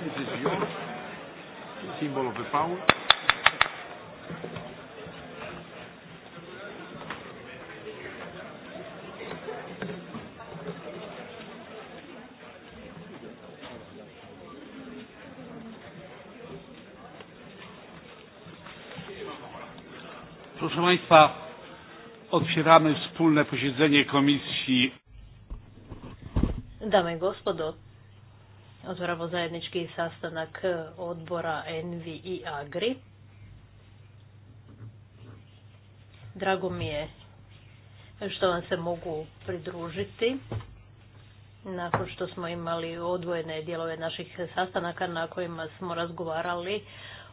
This is yours. Symbol of the power. Proszę Państwa, otwieramy wspólne posiedzenie Komisji. Dame gospodo, Otvaramo zajednički sastanak e, odbora Envi i Agri. Drago mi je što vam se mogu pridružiti nakon što smo imali odvojene dijelove naših sastanaka na kojima smo razgovarali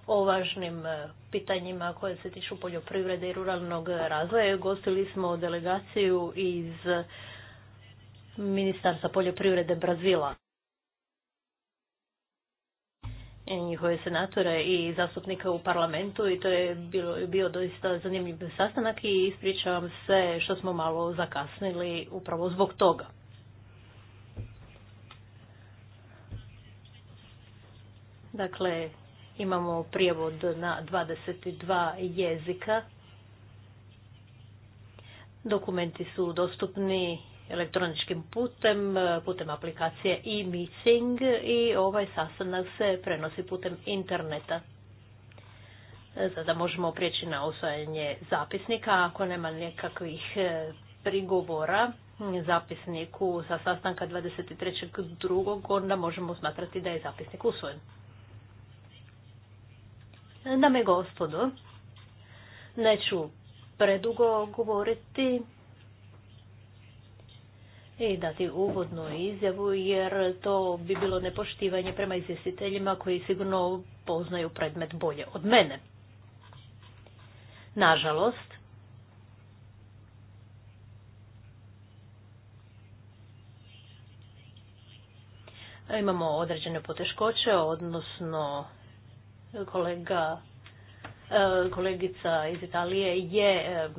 o važnim e, pitanjima koje se tiču poljoprivrede i ruralnog razvoja. Gostili smo delegaciju iz Ministarstva poljoprivrede Brazila. njihove senatore i zastupnika u parlamentu i to je bilo, bio doista zanimljiv sastanak i ispričavam se što smo malo zakasnili upravo zbog toga. Dakle, imamo prijevod na 22 jezika. Dokumenti su dostupni elektroničkim putem, putem aplikacije e missing i ovaj sastanak se prenosi putem interneta. Zada možemo prijeći na usvajanje zapisnika ako nema nekakvih e, prigovora zapisniku sa sastanka 23.2. onda možemo smatrati da je zapisnik usvojen. Dame i gospodo, neću predugo govoriti i dati uvodnu izjavu jer to bi bilo nepoštivanje prema izvjestiteljima koji sigurno poznaju predmet bolje od mene. Nažalost, imamo određene poteškoće, odnosno kolega e, kolegica iz Italije je e,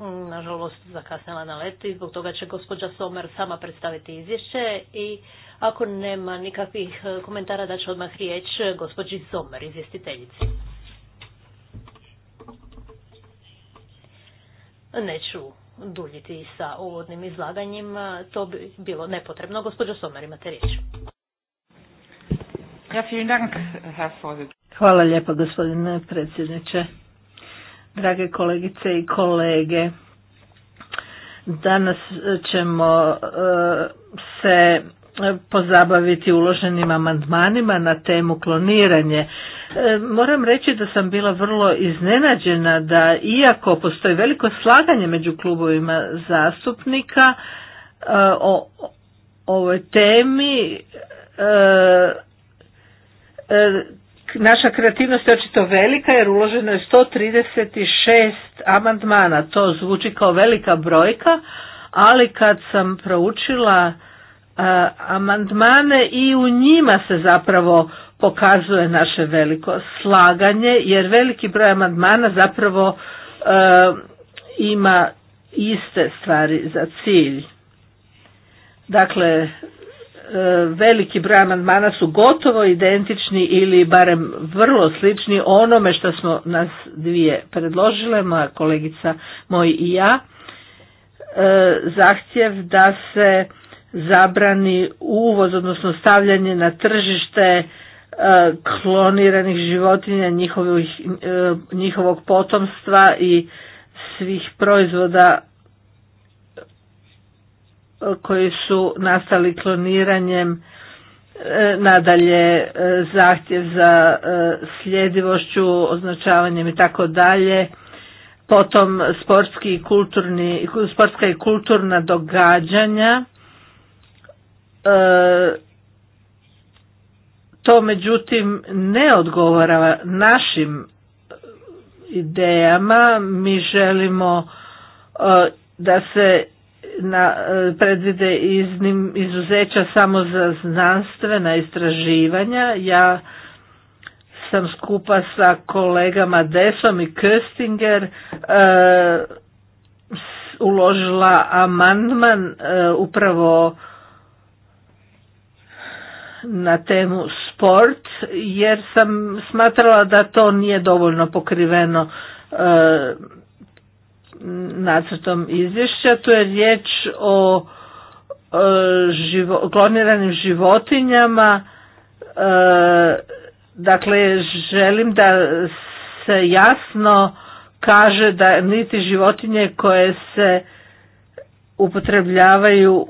Mm, nažalost zakasnila na letu i zbog toga će gospođa Somer sama predstaviti izvješće i ako nema nikakvih e, komentara da će odmah riječ gospođi Somer, izvjestiteljici. Neću duljiti sa uvodnim izlaganjima, to bi bilo nepotrebno. Gospođo Somer, imate riječ. Hvala lijepo gospodine predsjedniče drage kolegice i kolege. Danas ćemo eh, se pozabaviti uloženim amandmanima na temu kloniranje. Eh, moram reći da sam bila vrlo iznenađena da iako postoji veliko slaganje među klubovima zastupnika eh, o ovoj temi naša kreativnost je očito velika jer uloženo je 136 amandmana. To zvuči kao velika brojka, ali kad sam proučila e, amandmane i u njima se zapravo pokazuje naše veliko slaganje jer veliki broj amandmana zapravo e, ima iste stvari za cilj. Dakle, E, veliki broj amandmana su gotovo identični ili barem vrlo slični onome što smo nas dvije predložile, moja kolegica moj i ja, e, zahtjev da se zabrani uvoz, odnosno stavljanje na tržište e, kloniranih životinja, njihovog potomstva i svih proizvoda koji su nastali kloniranjem e, nadalje e, zahtjev za e, sljedivošću, označavanjem i tako dalje, potom sportski i kulturni, sportska i kulturna događanja. To međutim ne odgovara našim idejama, mi želimo da se na, e, predvide iznim, izuzeća samo za znanstvena istraživanja. Ja sam skupa sa kolegama Desom i Köstinger e, uložila amandman e, upravo na temu sport jer sam smatrala da to nije dovoljno pokriveno nacrtom izvješća. Tu je riječ o e, kloniranim životinjama. E, dakle, želim da se jasno kaže da niti životinje koje se upotrebljavaju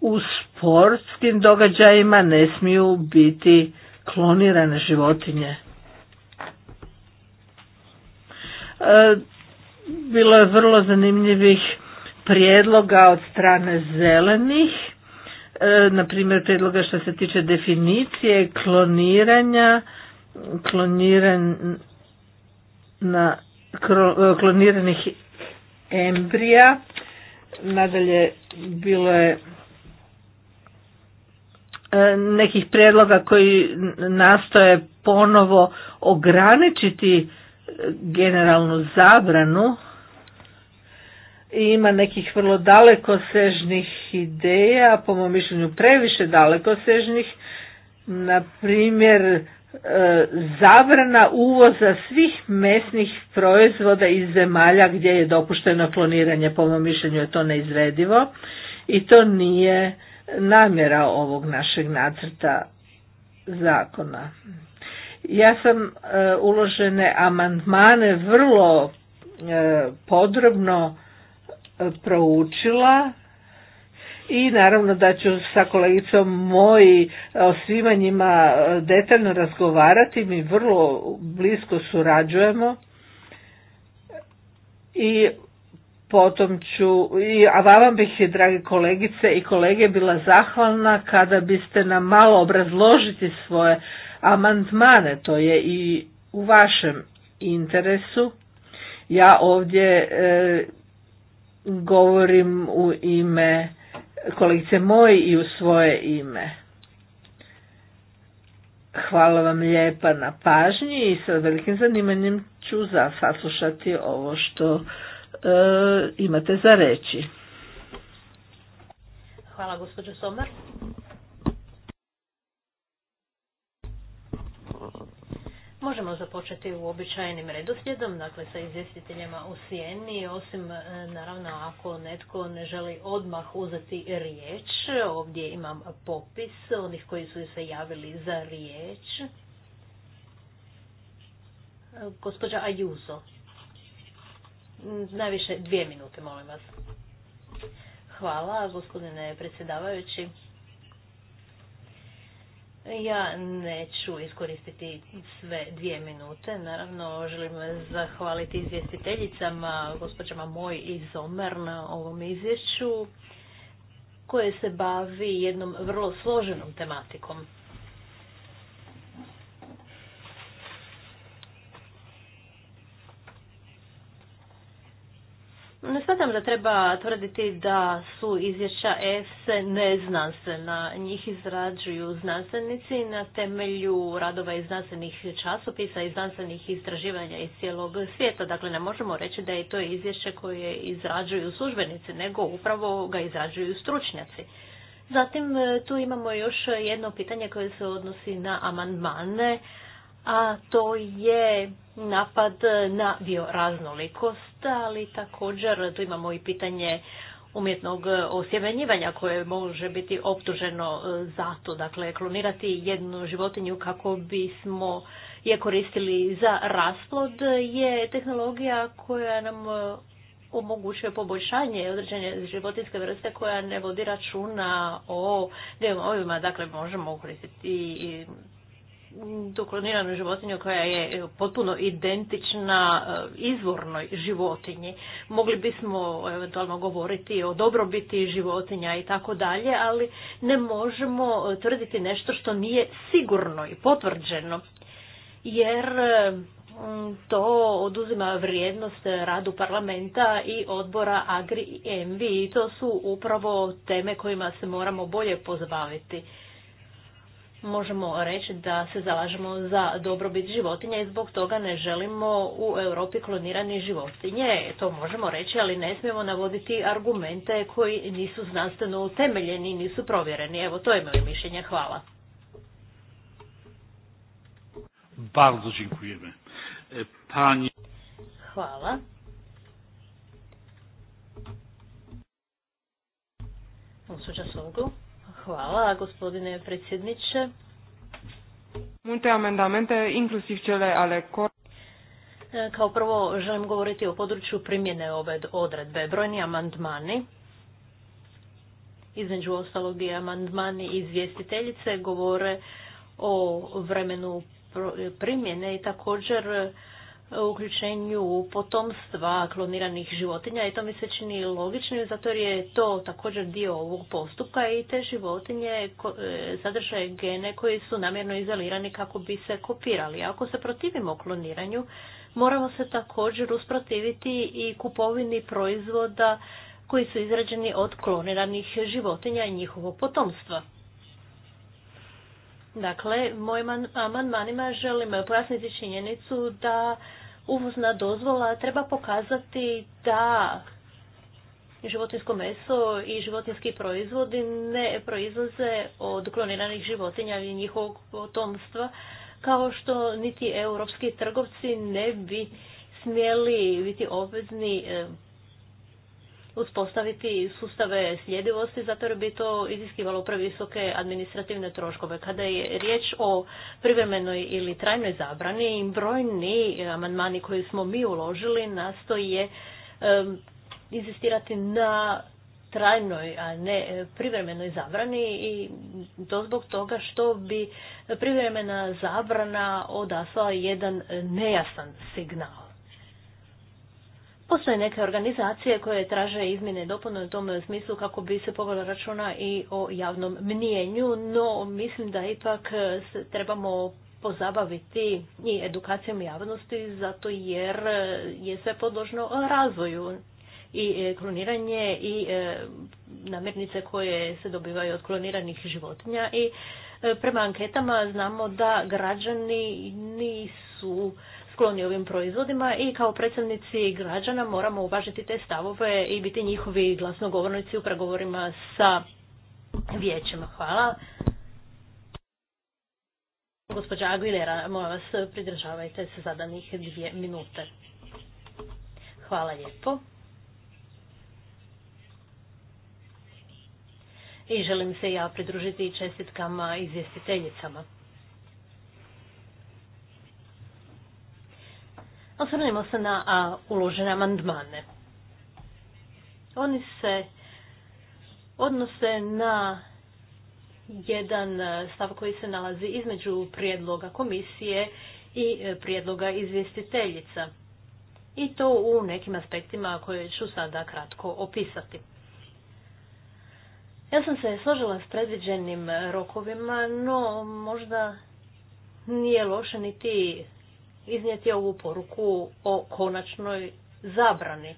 u sportskim događajima ne smiju biti klonirane životinje. E, bilo je vrlo zanimljivih prijedloga od strane zelenih, e, na primjer prijedloga što se tiče definicije, kloniranja, kloniran na e, kloniranih embrija. Nadalje bilo je e, nekih prijedloga koji nastoje ponovo ograničiti generalnu zabranu i ima nekih vrlo dalekosežnih ideja, po mom mišljenju previše dalekosežnih, na primjer e, zabrana uvoza svih mesnih proizvoda iz zemalja gdje je dopušteno kloniranje, po mom mišljenju je to neizvedivo i to nije namjera ovog našeg nacrta zakona. Ja sam e, uložene amandmane vrlo e, podrobno e, proučila i naravno da ću sa kolegicom moji o svima njima detaljno razgovarati, mi vrlo blisko surađujemo i potom ću, i, a vama bih, drage kolegice i kolege, bila zahvalna kada biste nam malo obrazložiti svoje amandmane, to je i u vašem interesu. Ja ovdje e, govorim u ime kolegice moje i u svoje ime. Hvala vam lijepa na pažnji i sa velikim zanimanjem ću za saslušati ovo što e, imate za reći. Hvala gospođo Somar. Možemo započeti uobičajenim redoslijedom, dakle sa izvjestiteljima u sjeni, osim e, naravno ako netko ne želi odmah uzeti riječ. Ovdje imam popis onih koji su se javili za riječ. E, gospođa Ajuzo. Mm, najviše dvije minute, molim vas. Hvala, gospodine predsjedavajući. Ja neću iskoristiti sve dvije minute. Naravno, želim zahvaliti izvjestiteljicama, gospođama Moj i Zomer na ovom izvješću koje se bavi jednom vrlo složenom tematikom. da treba tvrditi da su izvješća ne neznanstvena. Njih izrađuju znanstvenici na temelju radova iz znanstvenih časopisa i znanstvenih istraživanja iz cijelog svijeta. Dakle, ne možemo reći da je to izvješće koje izrađuju službenici, nego upravo ga izrađuju stručnjaci. Zatim, e, tu imamo još jedno pitanje koje se odnosi na amandmane a to je napad na bioraznolikost ali također tu imamo i pitanje umjetnog osjemenjivanja koje može biti optuženo e, za to. Dakle, klonirati jednu životinju kako bismo je koristili za rasplod je tehnologija koja nam e, omogućuje poboljšanje određene životinske vrste koja ne vodi računa o gmo Dakle, možemo koristiti do životinju koja je potpuno identična e, izvornoj životinji. Mogli bismo eventualno govoriti o dobrobiti životinja i tako dalje, ali ne možemo e, tvrditi nešto što nije sigurno i potvrđeno. Jer e, to oduzima vrijednost radu parlamenta i odbora Agri i Envi i to su upravo teme kojima se moramo bolje pozbaviti možemo reći da se zalažemo za dobrobit životinja i zbog toga ne želimo u Europi klonirani životinje. To možemo reći, ali ne smijemo navoditi argumente koji nisu znanstveno utemeljeni i nisu provjereni. Evo, to je moje mišljenje. Hvala. Bardzo dziękujemy. E, pani... Hvala. Hvala, gospodine predsjedniče. Multe amendamente, inklusiv cele ale e, Kao prvo želim govoriti o području primjene ove odredbe. Brojni amandmani, između ostalog i amandmani izvjestiteljice, govore o vremenu primjene i također uključenju potomstva kloniranih životinja i to mi se čini logično zato jer je to također dio ovog postupka i te životinje e, sadržaje gene koji su namjerno izolirani kako bi se kopirali. Ako se protivimo kloniranju, moramo se također usprotiviti i kupovini proizvoda koji su izrađeni od kloniranih životinja i njihovog potomstva. Dakle, mojim amandmanima želim pojasniti činjenicu da uvozna dozvola treba pokazati da životinsko meso i životinski proizvodi ne proizlaze od kloniranih životinja i njihovog potomstva, kao što niti europski trgovci ne bi smjeli biti obvezni eh, uspostaviti sustave sljedivosti zato jer bi to iziskivalo previsoke administrativne troškove. Kada je riječ o privremenoj ili trajnoj zabrani, brojni amandmani koji smo mi uložili nastoje inzistirati na trajnoj, a ne privremenoj zabrani i to zbog toga što bi privremena zabrana odasla jedan nejasan signal. Postoje neke organizacije koje traže izmjene i dopune u tom smislu kako bi se povela računa i o javnom mnijenju, no mislim da ipak se trebamo pozabaviti i edukacijom javnosti zato jer je sve podložno razvoju i e, kloniranje i e, namirnice koje se dobivaju od kloniranih životinja i e, prema anketama znamo da građani nisu skloni ovim proizvodima i kao predstavnici građana moramo uvažiti te stavove i biti njihovi glasnogovornici u pregovorima sa vijećima. Hvala. Gospođa Aguilera, moja vas, pridržavajte se zadanih dvije minute. Hvala lijepo. I želim se ja pridružiti čestitkama izvjestiteljicama. Osvrnimo se na a, uložene amandmane. Oni se odnose na jedan e, stav koji se nalazi između prijedloga komisije i e, prijedloga izvjestiteljica. I to u nekim aspektima koje ću sada kratko opisati. Ja sam se složila s predviđenim rokovima, no možda nije loše niti iznijeti ovu poruku o konačnoj zabrani.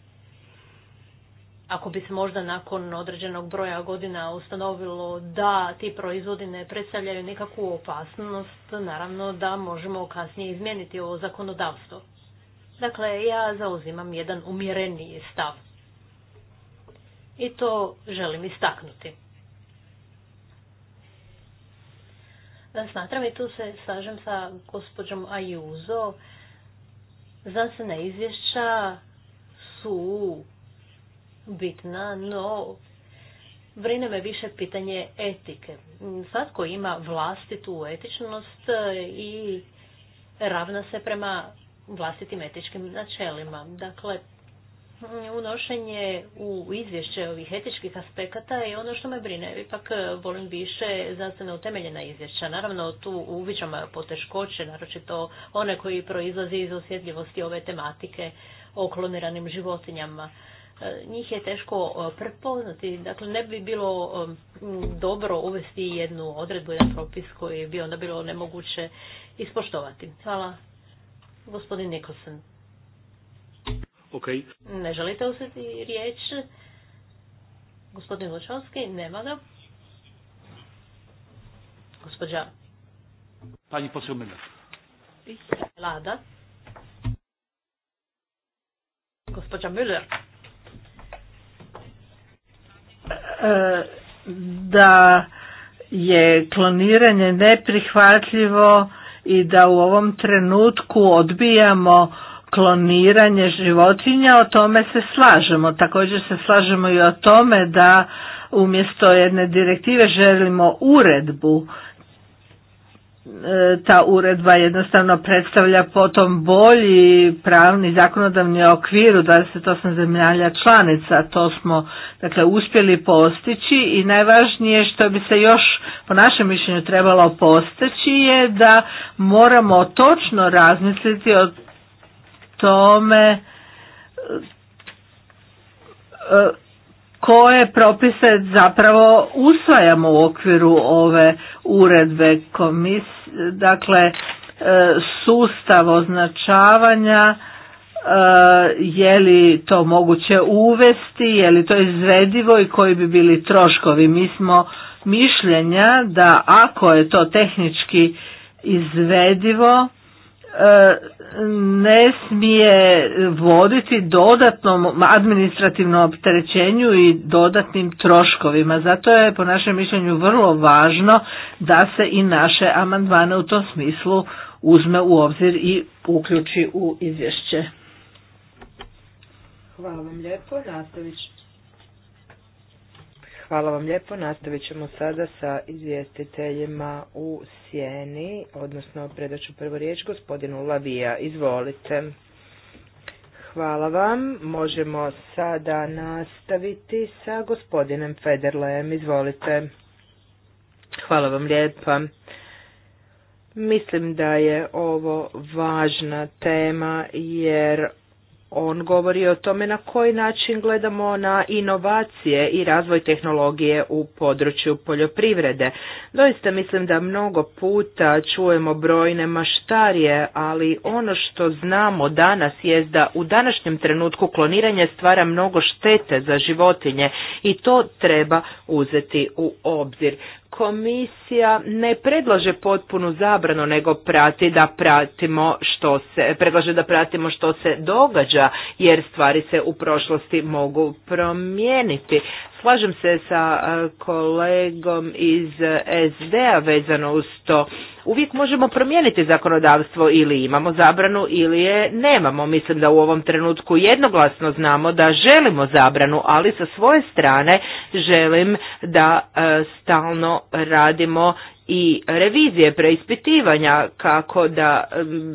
Ako bi se možda nakon određenog broja godina ustanovilo da ti proizvodi ne predstavljaju nikakvu opasnost, naravno da možemo kasnije izmijeniti ovo zakonodavstvo. Dakle, ja zauzimam jedan umjereniji stav. I to želim istaknuti. smatram i tu se slažem sa gospođom Ajuzo. Znanstvena izvješća su bitna, no brine me više pitanje etike. Svatko ima vlastitu etičnost i ravna se prema vlastitim etičkim načelima. Dakle, Mm, unošenje u izvješće ovih etičkih aspekata je ono što me brine. Ipak e, volim više znanstveno utemeljena izvješća. Naravno, tu uviđam poteškoće, naročito one koji proizlazi iz osjetljivosti ove tematike o kloniranim životinjama. E, njih je teško e, prepoznati. Dakle, ne bi bilo dobro uvesti jednu odredbu, jedan propis koji bi onda bilo nemoguće ispoštovati. Hvala. Gospodin Nikolsen. Ok. Ne želite uzeti riječ? Gospodin vočovski nema ga. Gospođa. Pani posumila. Lada. Gospođa Müller. E, da je kloniranje neprihvatljivo i da u ovom trenutku odbijamo kloniranje životinja, o tome se slažemo. Također se slažemo i o tome da umjesto jedne direktive želimo uredbu. E, ta uredba jednostavno predstavlja potom bolji pravni zakonodavni okvir u 28 zemljalja članica. To smo dakle, uspjeli postići i najvažnije što bi se još po našem mišljenju trebalo postići je da moramo točno razmisliti o tome e, koje propise zapravo usvajamo u okviru ove uredbe komisije, dakle e, sustav označavanja e, je li to moguće uvesti, je li to izvedivo i koji bi bili troškovi. Mi smo mišljenja da ako je to tehnički izvedivo, E, ne smije voditi dodatnom administrativnom opterećenju i dodatnim troškovima. Zato je po našem mišljenju vrlo važno da se i naše amandmane u tom smislu uzme u obzir i uključi u izvješće. Hvala vam lijepo. Hvala vam lijepo. Nastavit ćemo sada sa izvjestiteljima u sjeni, odnosno predaću prvo riječ gospodinu Lavija. Izvolite. Hvala vam. Možemo sada nastaviti sa gospodinem Federlejem. Izvolite. Hvala vam lijepa. Mislim da je ovo važna tema jer on govori o tome na koji način gledamo na inovacije i razvoj tehnologije u području poljoprivrede. Doista mislim da mnogo puta čujemo brojne maštarije, ali ono što znamo danas je da u današnjem trenutku kloniranje stvara mnogo štete za životinje i to treba uzeti u obzir komisija ne predlaže potpunu zabranu nego prati da pratimo što se predlaže da pratimo što se događa jer stvari se u prošlosti mogu promijeniti Slažem se sa e, kolegom iz e, SD-a vezano uz to. Uvijek možemo promijeniti zakonodavstvo ili imamo zabranu ili je nemamo. Mislim da u ovom trenutku jednoglasno znamo da želimo zabranu, ali sa svoje strane želim da e, stalno radimo i revizije, preispitivanja kako da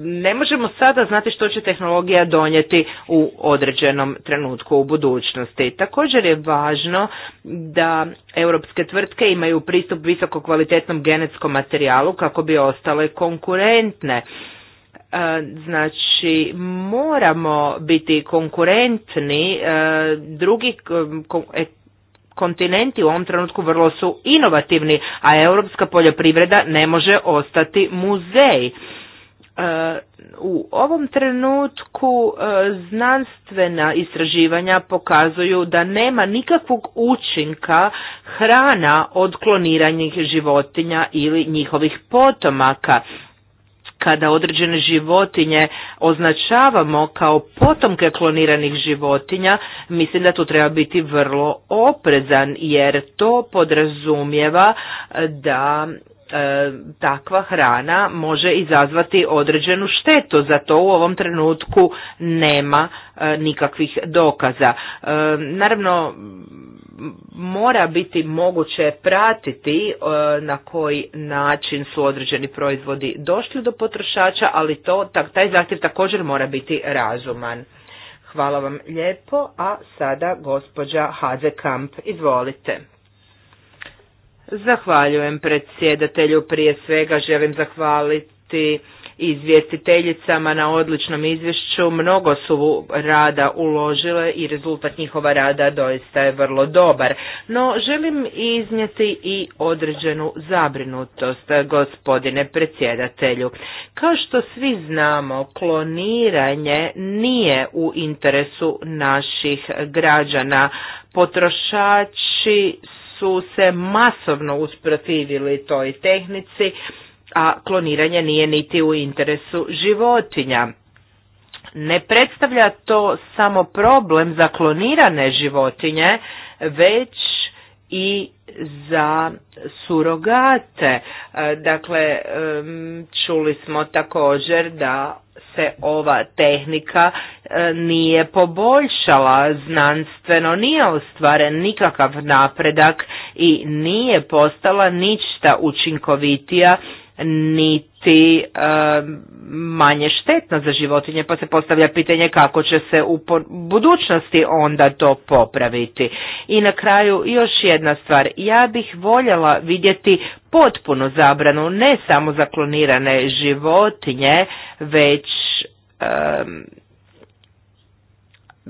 ne možemo sada znati što će tehnologija donijeti u određenom trenutku u budućnosti. Također je važno da europske tvrtke imaju pristup visokokvalitetnom genetskom materijalu kako bi ostale konkurentne. E, znači moramo biti konkurentni e, drugih e, kontinenti u ovom trenutku vrlo su inovativni, a europska poljoprivreda ne može ostati muzej. E, u ovom trenutku e, znanstvena istraživanja pokazuju da nema nikakvog učinka hrana od kloniranih životinja ili njihovih potomaka kada određene životinje označavamo kao potomke kloniranih životinja, mislim da tu treba biti vrlo oprezan jer to podrazumijeva e, da e, takva hrana može izazvati određenu štetu, za to u ovom trenutku nema e, nikakvih dokaza. naravno mora biti moguće pratiti e, na koji način su određeni proizvodi došli do potrošača, ali to, taj zahtjev također mora biti razuman. Hvala vam lijepo, a sada gospođa Hazekamp, izvolite. Zahvaljujem predsjedatelju, prije svega želim zahvaliti izvjestiteljicama na odličnom izvješću. Mnogo su rada uložile i rezultat njihova rada doista je vrlo dobar. No želim iznijeti i određenu zabrinutost, gospodine predsjedatelju. Kao što svi znamo, kloniranje nije u interesu naših građana. Potrošači su se masovno usprotivili toj tehnici a kloniranje nije niti u interesu životinja. Ne predstavlja to samo problem za klonirane životinje, već i za surogate. E, dakle, čuli smo također da se ova tehnika e, nije poboljšala znanstveno, nije ostvaren nikakav napredak i nije postala ništa učinkovitija niti manje štetno za životinje, pa se postavlja pitanje kako će se u budućnosti onda to popraviti. I na kraju još jedna stvar, ja bih voljela vidjeti potpunu zabranu ne samo za klonirane životinje, već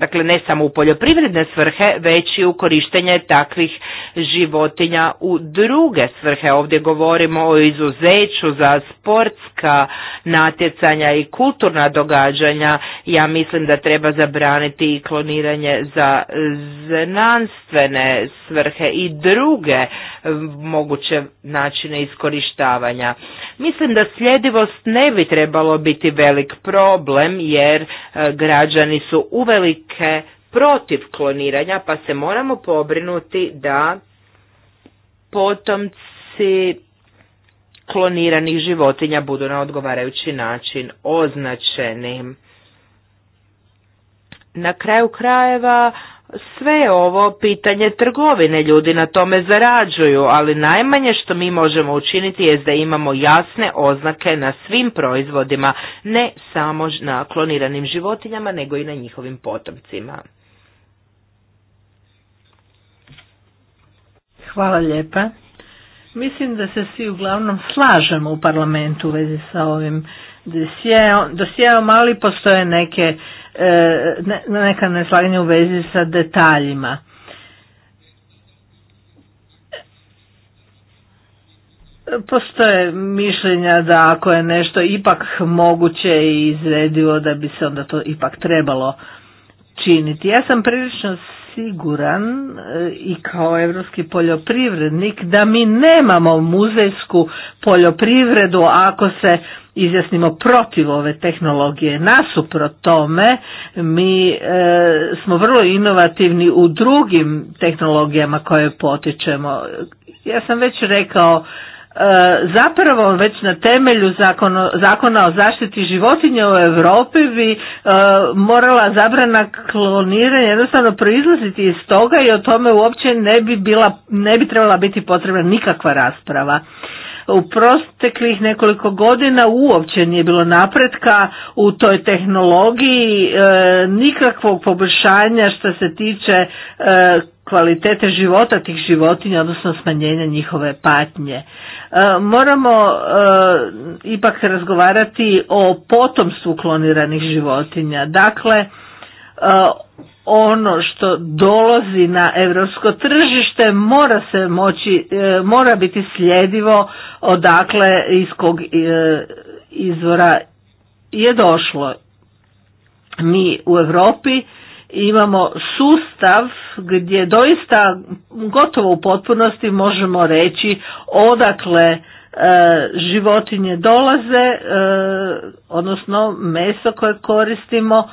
dakle ne samo u poljoprivredne svrhe, već i u korištenje takvih životinja u druge svrhe. Ovdje govorimo o izuzeću za sportska natjecanja i kulturna događanja. Ja mislim da treba zabraniti i kloniranje za znanstvene svrhe i druge moguće načine iskorištavanja. Mislim da sljedivost ne bi trebalo biti velik problem jer e, građani su uvelik protiv kloniranja, pa se moramo pobrinuti da potomci kloniranih životinja budu na odgovarajući način označeni. Na kraju krajeva sve ovo pitanje trgovine, ljudi na tome zarađuju, ali najmanje što mi možemo učiniti je da imamo jasne oznake na svim proizvodima, ne samo na kloniranim životinjama, nego i na njihovim potomcima. Hvala lijepa. Mislim da se svi uglavnom slažemo u parlamentu u vezi sa ovim dosjeom, ali postoje neke E, neka neslaganja u vezi sa detaljima. Postoje mišljenja da ako je nešto ipak moguće i izredivo da bi se onda to ipak trebalo činiti. Ja sam prilično siguran e, i kao evropski poljoprivrednik da mi nemamo muzejsku poljoprivredu ako se izjasnimo protiv ove tehnologije. Nasuprot tome mi e, smo vrlo inovativni u drugim tehnologijama koje potičemo. Ja sam već rekao e, zapravo već na temelju zakona, zakona o zaštiti životinja u Europi bi e, morala zabrana kloniranja jednostavno proizlaziti iz toga i o tome uopće ne bi, bila, ne bi trebala biti potrebna nikakva rasprava. U proteklih nekoliko godina uopće nije bilo napretka u toj tehnologiji, e, nikakvog poboljšanja što se tiče e, kvalitete života tih životinja, odnosno smanjenja njihove patnje. E, moramo ipak razgovarati o potomstvu kloniranih životinja. Dakle, ono što dolazi na europsko tržište mora se moći e, mora biti sljedivo odakle iz kog e, izvora je došlo mi u Europi imamo sustav gdje doista gotovo u potpunosti možemo reći odakle e, životinje dolaze odnosno meso koje koristimo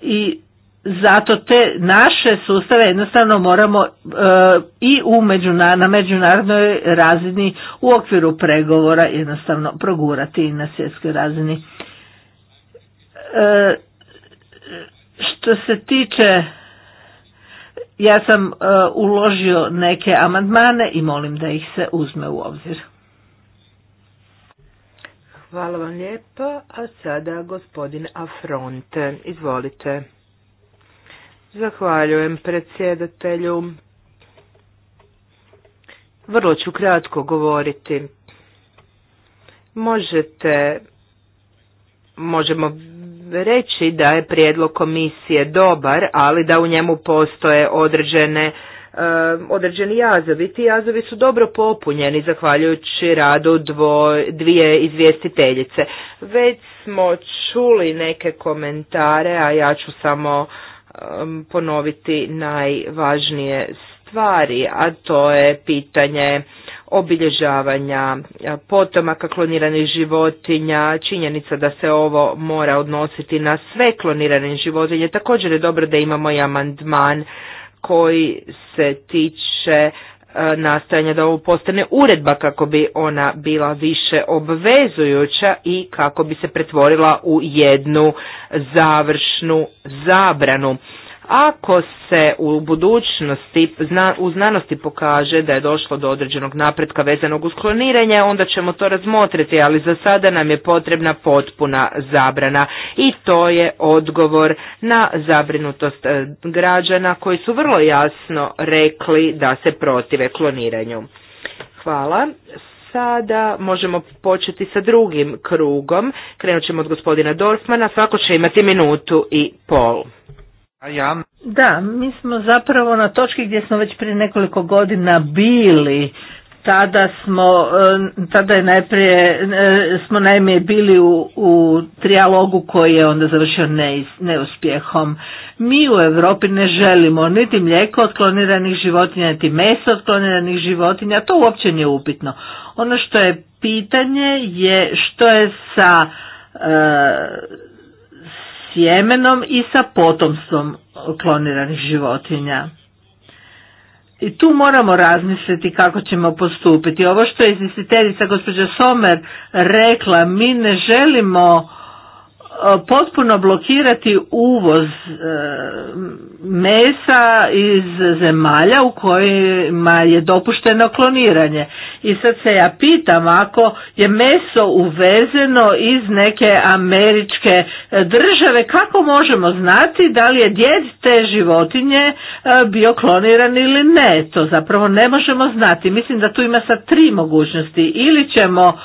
i zato te naše sustave jednostavno moramo e, i u na međunarodnoj razini u okviru pregovora jednostavno progurati i na svjetskoj razini. E, što se tiče, ja sam e, uložio neke amandmane i molim da ih se uzme u obzir. Hvala vam lijepa, a sada gospodin Afronte, izvolite. Zahvaljujem predsjedatelju. Vrlo ću kratko govoriti. Možete, možemo reći da je prijedlog komisije dobar, ali da u njemu postoje određene eh, određeni jazovi. Ti jazovi su dobro popunjeni zahvaljujući radu dvo, dvije izvjestiteljice. Već smo čuli neke komentare, a ja ću samo Um, ponoviti najvažnije stvari, a to je pitanje obilježavanja potomaka kloniranih životinja, činjenica da se ovo mora odnositi na sve klonirane životinje. Također je dobro da imamo i amandman koji se tiče E, nastojanja da ovo postane uredba kako bi ona bila više obvezujuća i kako bi se pretvorila u jednu završnu zabranu. Ako se u budućnosti u znanosti pokaže da je došlo do određenog napretka vezanog uz kloniranje, onda ćemo to razmotriti, ali za sada nam je potrebna potpuna zabrana i to je odgovor na zabrinutost e, građana koji su vrlo jasno rekli da se protive kloniranju. Hvala. Sada možemo početi sa drugim krugom. Krenut ćemo od gospodina Dorfmana, svako će imati minutu i pol. Da, mi smo zapravo na točki gdje smo već prije nekoliko godina bili. Tada smo, e, tada je najprije, e, smo naime bili u, u trijalogu koji je onda završio neuspjehom. Mi u Europi ne želimo niti mlijeko od kloniranih životinja, niti meso od kloniranih životinja, to uopće nije upitno. Ono što je pitanje je što je sa e, sjemenom i sa potomstvom kloniranih životinja. I tu moramo razmisliti kako ćemo postupiti. Ovo što je izvjestiteljica gospođa Somer rekla, mi ne želimo E, potpuno blokirati uvoz e, mesa iz zemalja u kojima je dopušteno kloniranje. I sad se ja pitam ako je meso uvezeno iz neke američke e, države kako možemo znati da li je djed te životinje bio kloniran ili ne. To zapravo ne možemo znati. Mislim da tu ima sad tri mogućnosti. Ili ćemo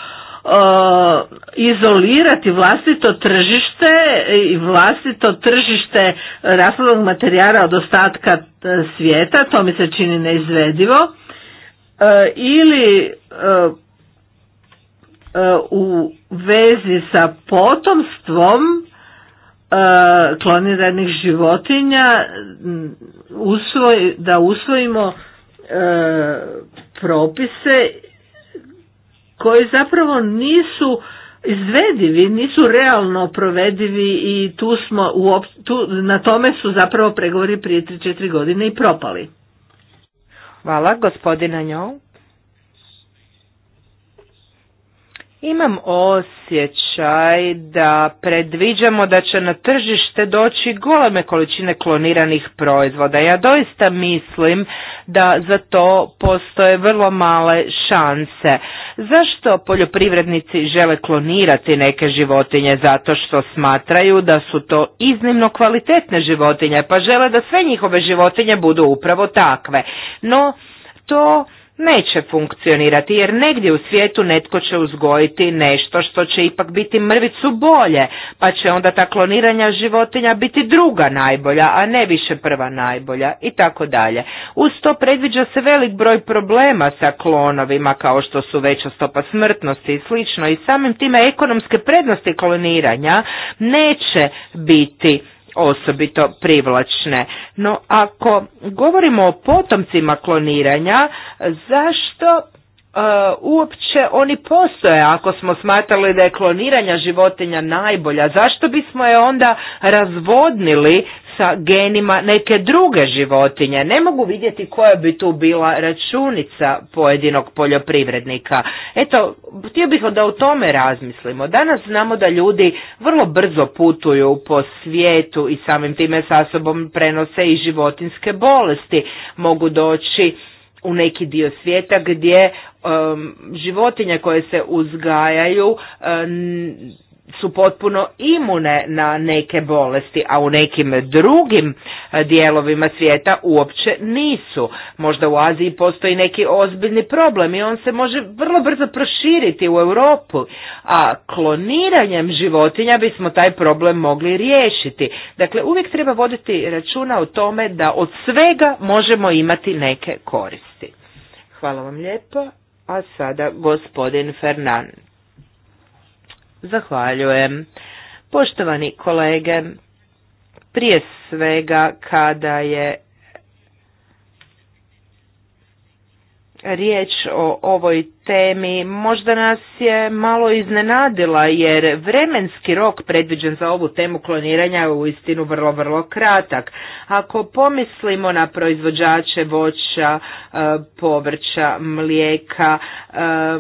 Eh, izolirati vlastito tržište i vlastito tržište rasplodnog materijala od ostatka eh, svijeta, to mi se čini neizvedivo, eh, ili u vezi sa potomstvom kloniranih životinja mm, da usvojimo propise koji zapravo nisu izvedivi, nisu realno provedivi i tu smo u, tu, na tome su zapravo pregovori prije 3-4 godine i propali. Hvala gospodina Njom. Imam osjećaj da predviđamo da će na tržište doći goleme količine kloniranih proizvoda. Ja doista mislim da za to postoje vrlo male šanse. Zašto poljoprivrednici žele klonirati neke životinje zato što smatraju da su to iznimno kvalitetne životinje, pa žele da sve njihove životinje budu upravo takve. No, to neće funkcionirati jer negdje u svijetu netko će uzgojiti nešto što će ipak biti mrvicu bolje, pa će onda ta kloniranja životinja biti druga najbolja, a ne više prva najbolja i tako dalje. Uz to predviđa se velik broj problema sa klonovima kao što su veća stopa smrtnosti i slično i samim time ekonomske prednosti kloniranja neće biti osobito privlačne. No ako govorimo o potomcima kloniranja, zašto e, uopće oni postoje ako smo smatrali da je kloniranja životinja najbolja zašto bismo je onda razvodnili sa genima neke druge životinje. Ne mogu vidjeti koja bi tu bila računica pojedinog poljoprivrednika. Eto, htio bih da o tome razmislimo. Danas znamo da ljudi vrlo brzo putuju po svijetu i samim time sa sobom prenose i životinske bolesti. Mogu doći u neki dio svijeta gdje um, životinje koje se uzgajaju um, su potpuno imune na neke bolesti, a u nekim drugim e, dijelovima svijeta uopće nisu. Možda u Aziji postoji neki ozbiljni problem i on se može vrlo brzo proširiti u Europu, a kloniranjem životinja bismo taj problem mogli riješiti. Dakle, uvijek treba voditi računa o tome da od svega možemo imati neke koristi. Hvala vam lijepo, a sada gospodin Fernand. Zahvaljujem. Poštovani kolege, prije svega kada je riječ o ovoj temi možda nas je malo iznenadila jer vremenski rok predviđen za ovu temu kloniranja je uistinu vrlo, vrlo kratak. Ako pomislimo na proizvođače voća, e, povrća, mlijeka, e,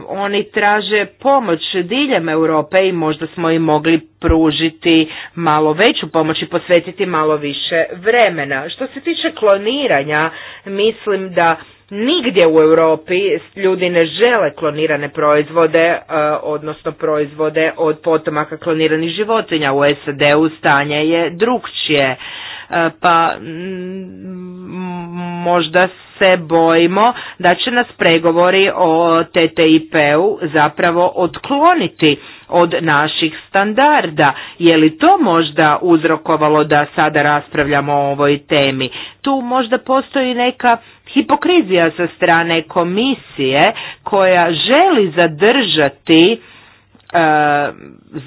oni traže pomoć diljem Europe i možda smo im mogli pružiti malo veću pomoć i posvetiti malo više vremena. Što se tiče kloniranja, mislim da Nigdje u Europi ljudi ne žele klonirane proizvode, e, odnosno proizvode od potomaka kloniranih životinja. U SAD-u stanje je drugčije, e, pa možda se bojimo da će nas pregovori o TTIP-u zapravo odkloniti od naših standarda. Je li to možda uzrokovalo da sada raspravljamo o ovoj temi? Tu možda postoji neka hipokrizija sa strane komisije koja želi zadržati e,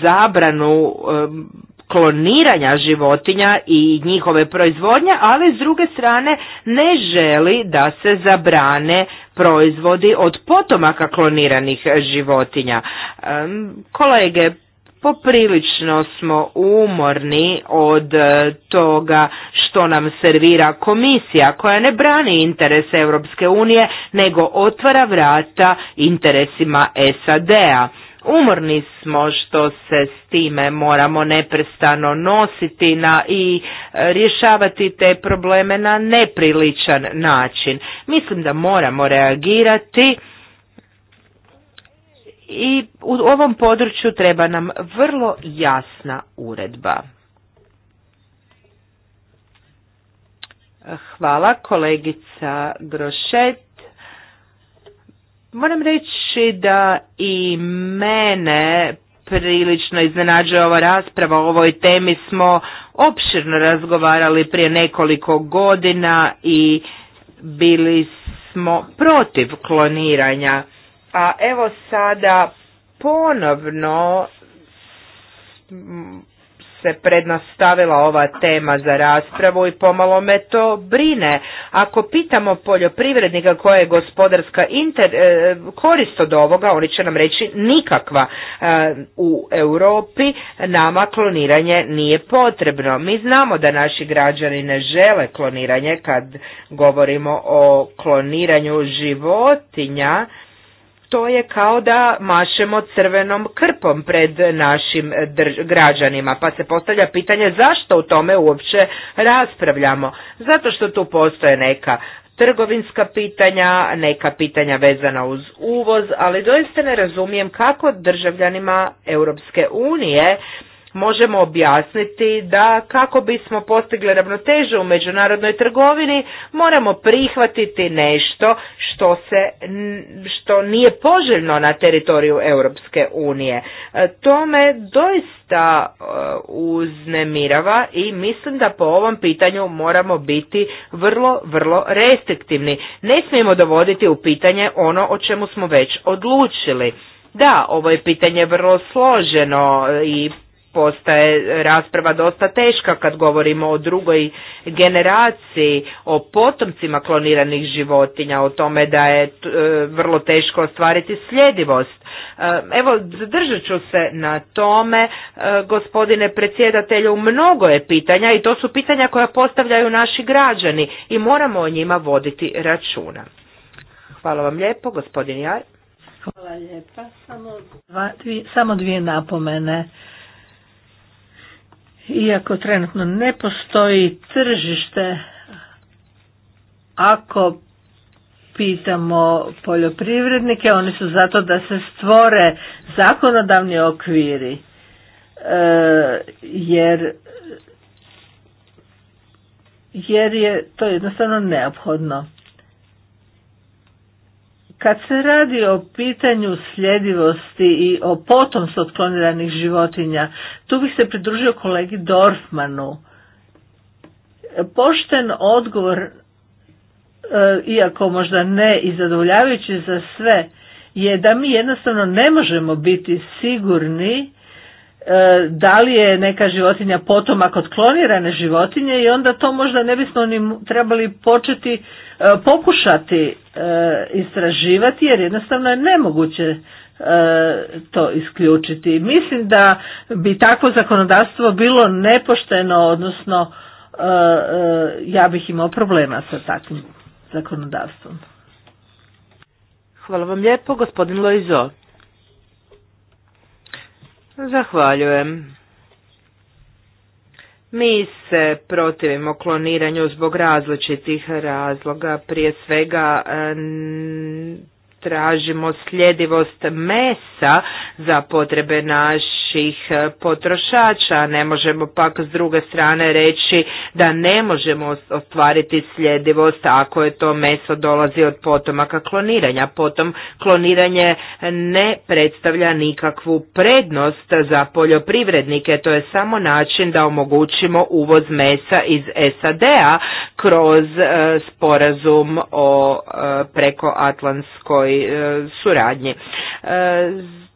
zabranu e, kloniranja životinja i njihove proizvodnje, ali s druge strane ne želi da se zabrane proizvodi od potomaka kloniranih životinja. Kolege, Poprilično smo umorni od e, toga što nam servira komisija koja ne brani interese Europske unije nego otvara vrata interesima SAD-a. Umorni smo što se s time moramo neprestano nositi na i e, rješavati te probleme na nepriličan način. Mislim da moramo reagirati i u ovom području treba nam vrlo jasna uredba. Hvala kolegica Grošet. Moram reći da i mene prilično iznenađuje ova rasprava o ovoj temi smo opširno razgovarali prije nekoliko godina i bili smo protiv kloniranja. A evo sada ponovno se prednostavila ova tema za raspravu i pomalo me to brine. Ako pitamo poljoprivrednika koja je gospodarska inter, e, korist od ovoga, oni će nam reći nikakva. E, u Europi nama kloniranje nije potrebno. Mi znamo da naši građani ne žele kloniranje kad govorimo o kloniranju životinja to je kao da mašemo crvenom krpom pred našim eh, građanima, pa se postavlja pitanje zašto u tome uopće raspravljamo. Zato što tu postoje neka trgovinska pitanja, neka pitanja vezana uz uvoz, ali doista ne razumijem kako državljanima Europske unije možemo objasniti da kako bismo postigli ravnotežu u međunarodnoj trgovini moramo prihvatiti nešto što se što nije poželjno na teritoriju Europske unije. E, to me doista e, uznemirava i mislim da po ovom pitanju moramo biti vrlo vrlo restriktivni. Ne smijemo dovoditi u pitanje ono o čemu smo već odlučili. Da, ovo je pitanje vrlo složeno i postaje rasprava dosta teška kad govorimo o drugoj generaciji, o potomcima kloniranih životinja, o tome da je e, vrlo teško ostvariti sljedivost. E, evo, zadržat ću se na tome, e, gospodine predsjedatelju, mnogo je pitanja i to su pitanja koja postavljaju naši građani i moramo o njima voditi računa. Hvala vam lijepo, gospodin Jar. Hvala lijepa, samo, samo dvije napomene iako trenutno ne postoji tržište, ako pitamo poljoprivrednike, oni su zato da se stvore zakonodavni okviri, e, jer, jer je to jednostavno neophodno. Kad se radi o pitanju sljedivosti i o potomstvu otkloniranih životinja, tu bih se pridružio kolegi Dorfmanu. Pošten odgovor, e, iako možda ne i zadovoljavajući za sve, je da mi jednostavno ne možemo biti sigurni E, da li je neka životinja potomak od klonirane životinje i onda to možda ne bismo ni trebali početi e, pokušati e, istraživati jer jednostavno je nemoguće to isključiti. Mislim da bi takvo zakonodavstvo bilo nepošteno, odnosno ja bih imao problema sa takvim zakonodavstvom. Hvala vam lijepo, gospodin Lojzot. Zahvaljujem. Mi se protivimo kloniranju zbog različitih razloga, prije svega e, tražimo sljedivost mesa za potrebe naših naših e, potrošača. Ne možemo pak s druge strane reći da ne možemo ostvariti sljedivost ako je to meso dolazi od potomaka kloniranja. Potom kloniranje ne predstavlja nikakvu prednost za poljoprivrednike, to je samo način da omogućimo uvoz mesa iz SAD-a kroz e, sporazum o e, prekoatlantskoj e, suradnji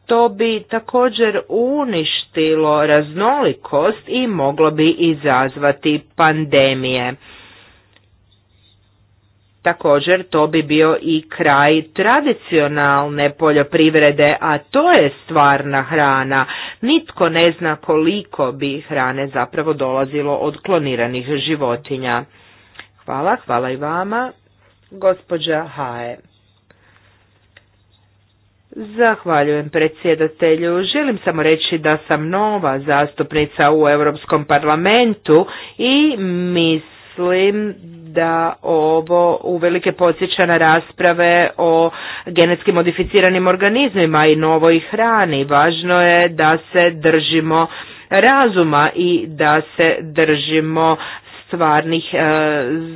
to bi također uništilo raznolikost i moglo bi izazvati pandemije. Također to bi bio i kraj tradicionalne poljoprivrede, a to je stvarna hrana. Nitko ne zna koliko bi hrane zapravo dolazilo od kloniranih životinja. Hvala, hvala i vama, gospođa Hae. Zahvaljujem predsjedatelju. Želim samo reći da sam nova zastupnica u Europskom parlamentu i mislim da ovo uvelike podsjeća na rasprave o genetski modificiranim organizmima i novoj hrani. Važno je da se držimo razuma i da se držimo stvarnih e,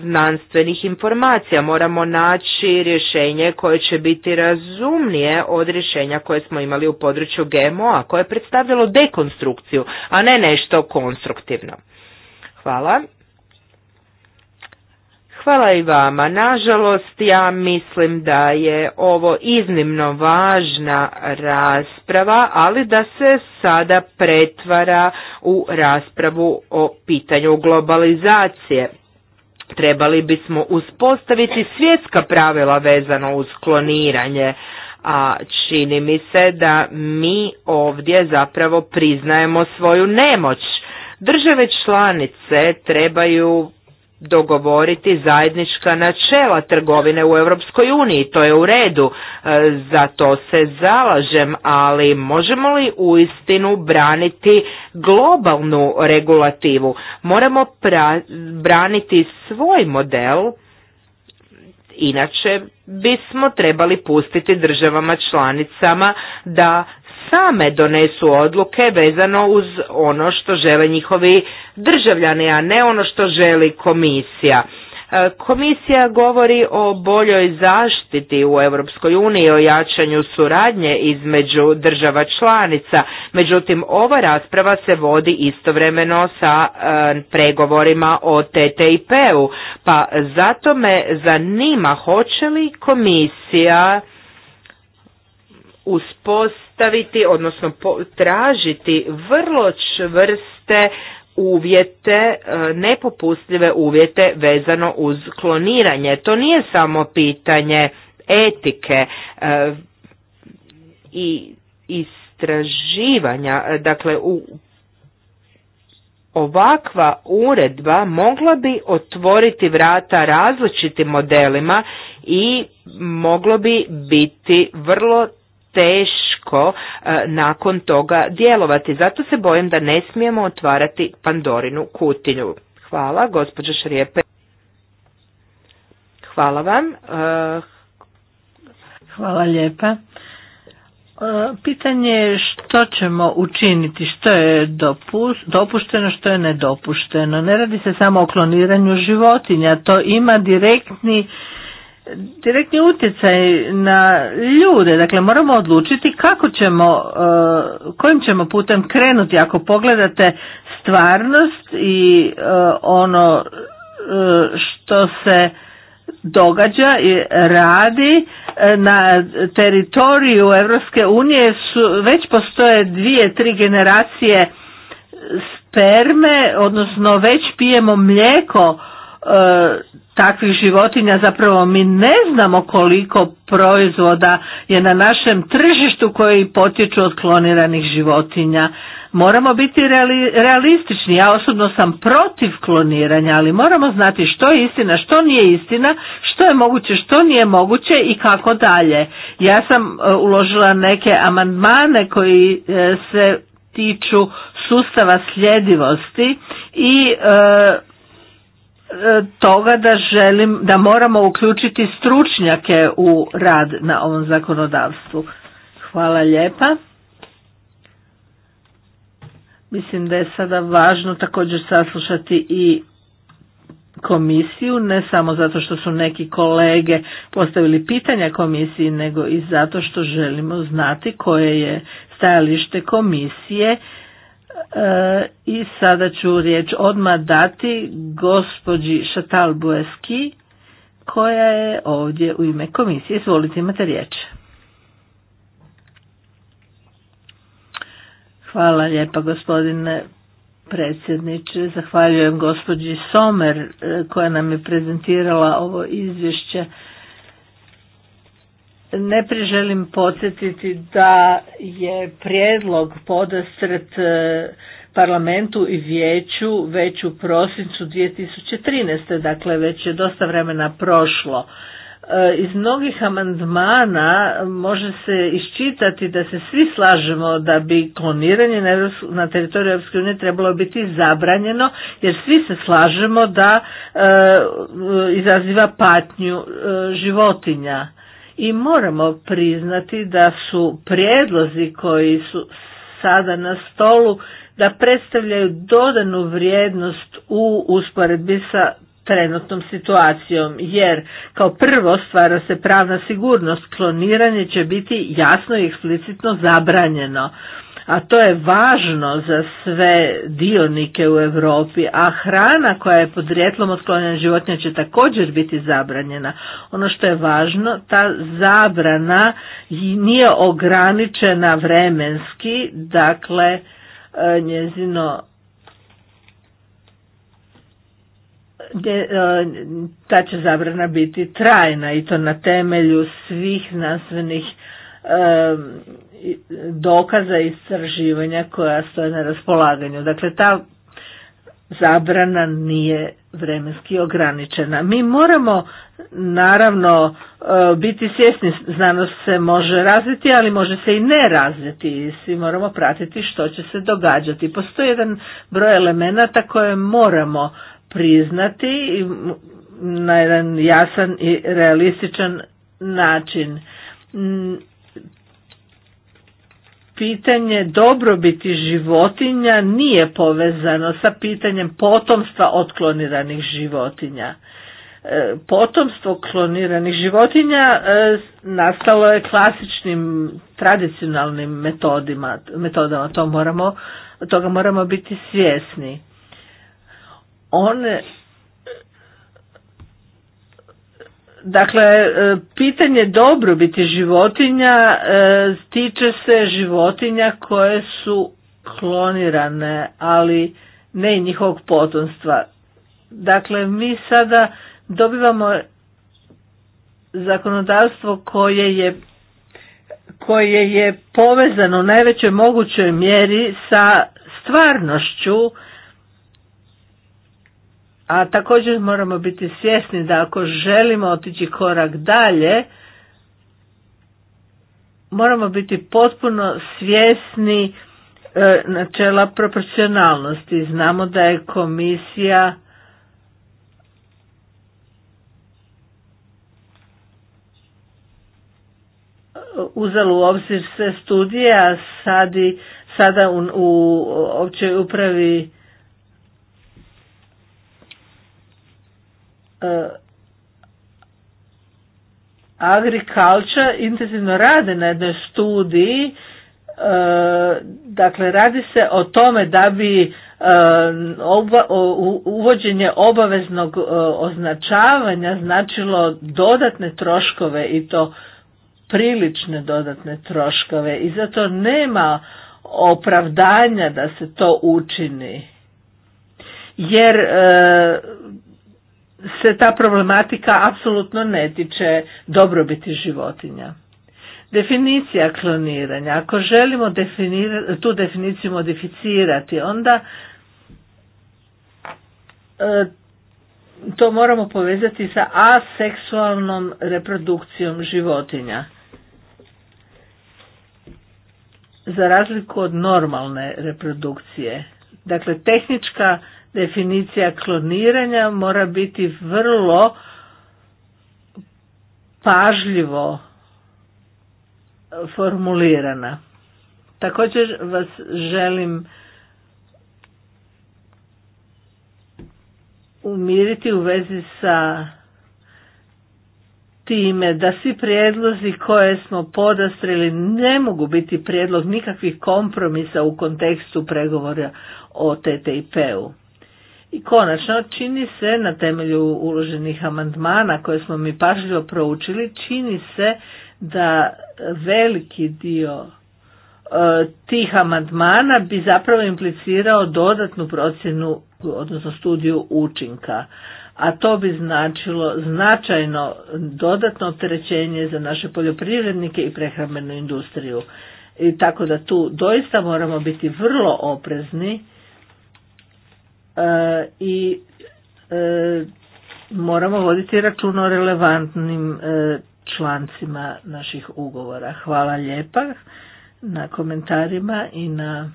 znanstvenih informacija. Moramo naći rješenje koje će biti razumnije od rješenja koje smo imali u području GMO-a, koje je predstavljalo dekonstrukciju, a ne nešto konstruktivno. Hvala. Hvala i vama. Nažalost, ja mislim da je ovo iznimno važna rasprava, ali da se sada pretvara u raspravu o pitanju globalizacije. Trebali bismo uspostaviti svjetska pravila vezano uz kloniranje, a čini mi se da mi ovdje zapravo priznajemo svoju nemoć. Države članice trebaju dogovoriti zajednička načela trgovine u Europskoj uniji. To je u redu, e, za to se zalažem, ali možemo li uistinu braniti globalnu regulativu? Moramo braniti svoj model, inače bismo trebali pustiti državama članicama da same donesu odluke vezano uz ono što žele njihovi državljani, a ne ono što želi komisija. E, komisija govori o boljoj zaštiti u Europskoj uniji, o jačanju suradnje između država članica. Međutim, ova rasprava se vodi istovremeno sa e, pregovorima o TTIP-u, pa zato me zanima hoće li komisija uspostaviti, odnosno tražiti vrlo čvrste uvjete, e, nepopustljive uvjete vezano uz kloniranje. To nije samo pitanje etike e, i istraživanja, dakle u Ovakva uredba mogla bi otvoriti vrata različitim modelima i moglo bi biti vrlo teško e, nakon toga djelovati. Zato se bojim da ne smijemo otvarati Pandorinu kutilju. Hvala, gospođo Šrijepe. Hvala vam. E, Hvala lijepa. E, pitanje je što ćemo učiniti, što je dopušteno, što je nedopušteno. Ne radi se samo o kloniranju životinja, to ima direktni direktni utjecaj na ljude. Dakle, moramo odlučiti kako ćemo, e, kojim ćemo putem krenuti. Ako pogledate stvarnost i e, ono e, što se događa i radi na teritoriju Europske unije su, već postoje dvije, tri generacije sperme, odnosno već pijemo mlijeko takvih životinja zapravo mi ne znamo koliko proizvoda je na našem tržištu koji potječu od kloniranih životinja. Moramo biti realistični. Ja osobno sam protiv kloniranja, ali moramo znati što je istina, što nije istina, što je moguće, što nije moguće i kako dalje. Ja sam e, uložila neke amandmane koji e, se tiču sustava sljedivosti i e, toga da želim, da moramo uključiti stručnjake u rad na ovom zakonodavstvu. Hvala lijepa. Mislim da je sada važno također saslušati i komisiju, ne samo zato što su neki kolege postavili pitanja komisiji, nego i zato što želimo znati koje je stajalište komisije E, I sada ću riječ odmah dati gospođi Šatal Bueski koja je ovdje u ime komisije. Izvolite, imate riječ. Hvala lijepa gospodine predsjedniče. Zahvaljujem gospođi Somer e, koja nam je prezentirala ovo izvješće. Ne priželim podsjetiti da je prijedlog podastret e, parlamentu i vijeću već u prosincu 2013. Dakle, već je dosta vremena prošlo. E, iz mnogih amandmana može se iščitati da se svi slažemo da bi kloniranje na teritoriju EU trebalo biti zabranjeno jer svi se slažemo da e, izaziva patnju životinja i moramo priznati da su prijedlozi koji su sada na stolu da predstavljaju dodanu vrijednost u usporedbi sa trenutnom situacijom, jer kao prvo stvara se pravna sigurnost, kloniranje će biti jasno i eksplicitno zabranjeno a to je važno za sve dionike u Europi, a hrana koja je podrijetlom otklonjena životinja će također biti zabranjena. Ono što je važno, ta zabrana nije ograničena vremenski, dakle e, njezino e, ta će zabrana biti trajna i to na temelju svih znanstvenih e, dokaza istraživanja koja stoje na raspolaganju. Dakle, ta zabrana nije vremenski ograničena. Mi moramo naravno e, biti svjesni, znanost se može razviti, ali može se i ne razviti i svi moramo pratiti što će se događati. Postoji jedan broj elemenata koje moramo priznati i na jedan jasan i realističan način pitanje dobrobiti životinja nije povezano sa pitanjem potomstva od kloniranih životinja. E, potomstvo kloniranih životinja e, nastalo je klasičnim tradicionalnim metodima, metodama, to moramo, toga moramo biti svjesni. One Dakle, e, pitanje dobrobiti životinja e, tiče se životinja koje su klonirane, ali ne i njihovog potomstva. Dakle, mi sada dobivamo zakonodavstvo koje je koje je povezano u najvećoj mogućoj mjeri sa stvarnošću a također moramo biti svjesni da ako želimo otići korak dalje, moramo biti potpuno svjesni e, načela proporcionalnosti. Znamo da je komisija uzela u obzir sve studije, a sada u, u općoj upravi E, agriculture intenzivno rade na jednoj studiji, e, dakle radi se o tome da bi e, uvođenje obaveznog označavanja značilo dodatne troškove i to prilične dodatne troškove i zato nema opravdanja da se to učini jer se ta problematika apsolutno ne tiče dobrobiti životinja. Definicija kloniranja. Ako želimo tu definiciju modificirati, onda e, to moramo povezati sa aseksualnom reprodukcijom životinja. Za razliku od normalne reprodukcije. Dakle, tehnička definicija kloniranja mora biti vrlo pažljivo formulirana. Također vas želim umiriti u vezi sa time da svi prijedlozi koje smo podastrili ne mogu biti prijedlog nikakvih kompromisa u kontekstu pregovora o TTIP-u. I konačno, čini se na temelju uloženih amandmana koje smo mi pažljivo proučili, čini se da veliki dio e, tih amandmana bi zapravo implicirao dodatnu procjenu, odnosno studiju učinka. A to bi značilo značajno dodatno opterećenje za naše poljoprivrednike i prehrambenu industriju. I tako da tu doista moramo biti vrlo oprezni E, i e, moramo voditi račun o relevantnim e, člancima naših ugovora. Hvala lijepa na komentarima i na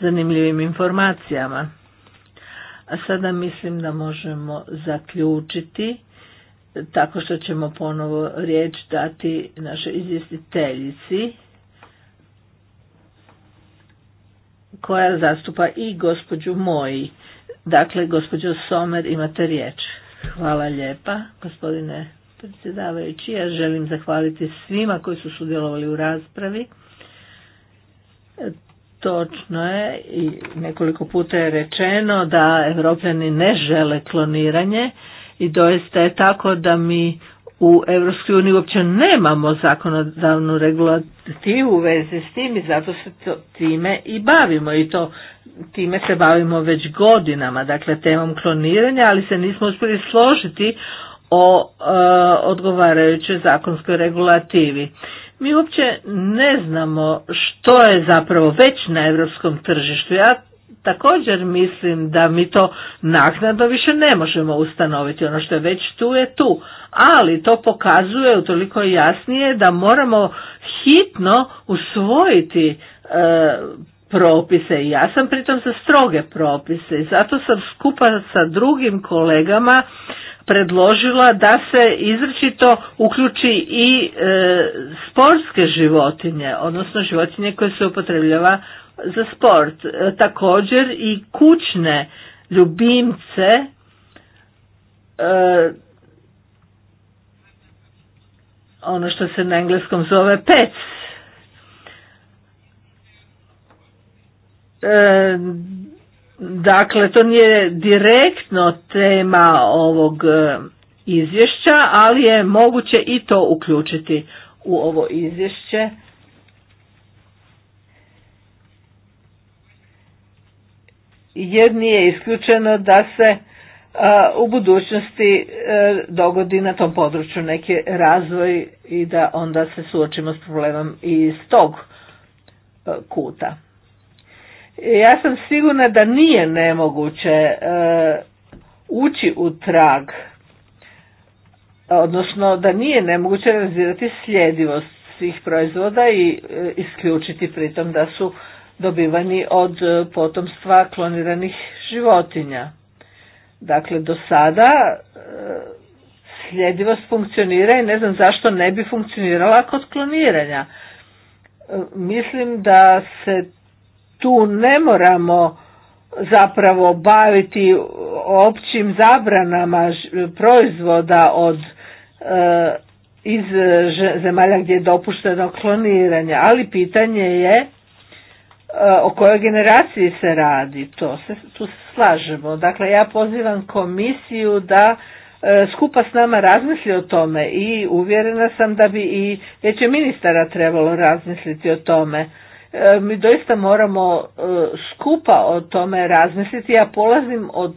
zanimljivim informacijama. A sada mislim da možemo zaključiti tako što ćemo ponovo riječ dati našoj izvjestiteljici. koja zastupa i gospođu Moji. Dakle, gospođo Somer, imate riječ. Hvala lijepa, gospodine predsjedavajući. Ja želim zahvaliti svima koji su sudjelovali u raspravi. Točno je i nekoliko puta je rečeno da evropljani ne žele kloniranje i doista je tako da mi u EU uopće nemamo zakonodavnu regulativu u vezi s tim i zato se to, time i bavimo i to time se bavimo već godinama, dakle temom kloniranja, ali se nismo uspjeli složiti o e, odgovarajućoj zakonskoj regulativi. Mi uopće ne znamo što je zapravo već na europskom tržištu. Ja također mislim da mi to naknadno više ne možemo ustanoviti. Ono što je već tu je tu. Ali to pokazuje utoliko jasnije da moramo hitno usvojiti e, propise i ja sam pritom za stroge propise i zato sam skupa sa drugim kolegama predložila da se izričito uključi i e, sportske životinje, odnosno životinje koje se upotrebljava za sport. E, također i kućne ljubimce e, ono što se na engleskom zove pec. E, dakle, to nije direktno tema ovog izvješća, ali je moguće i to uključiti u ovo izvješće. jer nije isključeno da se e, u budućnosti e, dogodi na tom području neki razvoj i da onda se suočimo s problemom i iz tog e, kuta. Ja sam sigurna da nije nemoguće ući u trag, odnosno da nije nemoguće realizirati sljedivost svih proizvoda i isključiti pritom da su dobivani od e, potomstva kloniranih životinja. Dakle, do sada e, sljedivost funkcionira i ne znam zašto ne bi funkcionirala kod kloniranja. E, mislim da se tu ne moramo zapravo baviti općim zabranama proizvoda od iz zemalja gdje je dopušteno kloniranje, ali pitanje je E, o kojoj generaciji se radi, to se tu se slažemo. Dakle, ja pozivam komisiju da e, skupa s nama razmisli o tome i uvjerena sam da bi i veće ministara trebalo razmisliti o tome. E, mi doista moramo skupa o tome razmisliti. Ja polazim od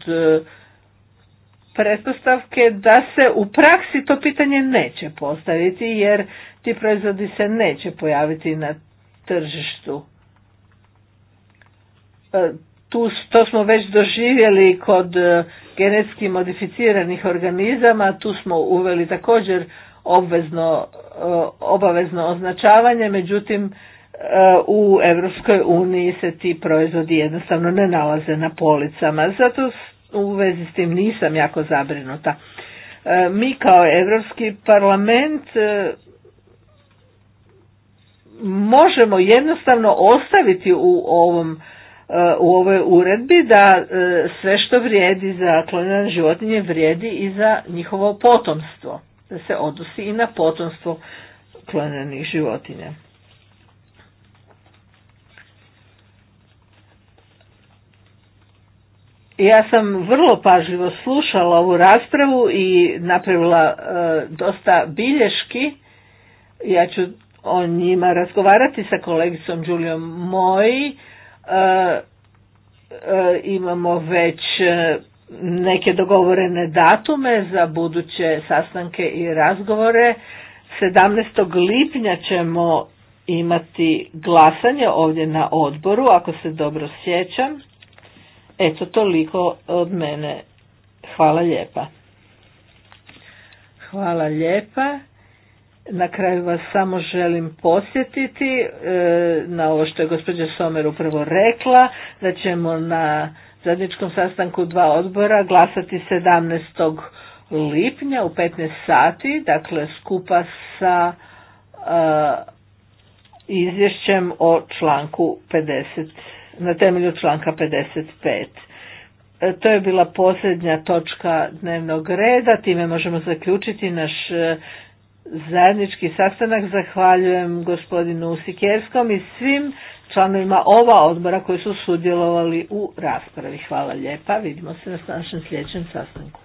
pretpostavke da se u praksi to pitanje neće postaviti jer ti proizvodi se neće pojaviti na tržištu. E, tu, to smo već doživjeli kod e, genetski modificiranih organizama, tu smo uveli također obvezno, e, obavezno označavanje, međutim u Europskoj uniji se ti proizvodi jednostavno ne nalaze na policama, zato u vezi s tim nisam jako zabrinuta. Mi kao Europski parlament možemo jednostavno ostaviti u ovom u ovoj uredbi da e, sve što vrijedi za klonirane životinje vrijedi i za njihovo potomstvo, da se odnosi i na potomstvo kloniranih životinja. Ja sam vrlo pažljivo slušala ovu raspravu i napravila e, dosta bilješki. Ja ću o njima razgovarati sa kolegicom Đulijom Moji E, e, imamo već e, neke dogovorene datume za buduće sastanke i razgovore. 17. lipnja ćemo imati glasanje ovdje na odboru, ako se dobro sjećam. Eto, toliko od mene. Hvala lijepa. Hvala lijepa. Na kraju vas samo želim posjetiti e, na ovo što je gospođa Somer upravo rekla, da ćemo na zajedničkom sastanku dva odbora glasati 17. lipnja u 15 sati, dakle skupa sa e, izvješćem o članku 50, na temelju članka 55. E, to je bila posljednja točka dnevnog reda, time možemo zaključiti naš zajednički sastanak. Zahvaljujem gospodinu Sikerskom i svim članovima ova odbora koji su sudjelovali u raspravi. Hvala lijepa, vidimo se na našem sljedećem sastanku.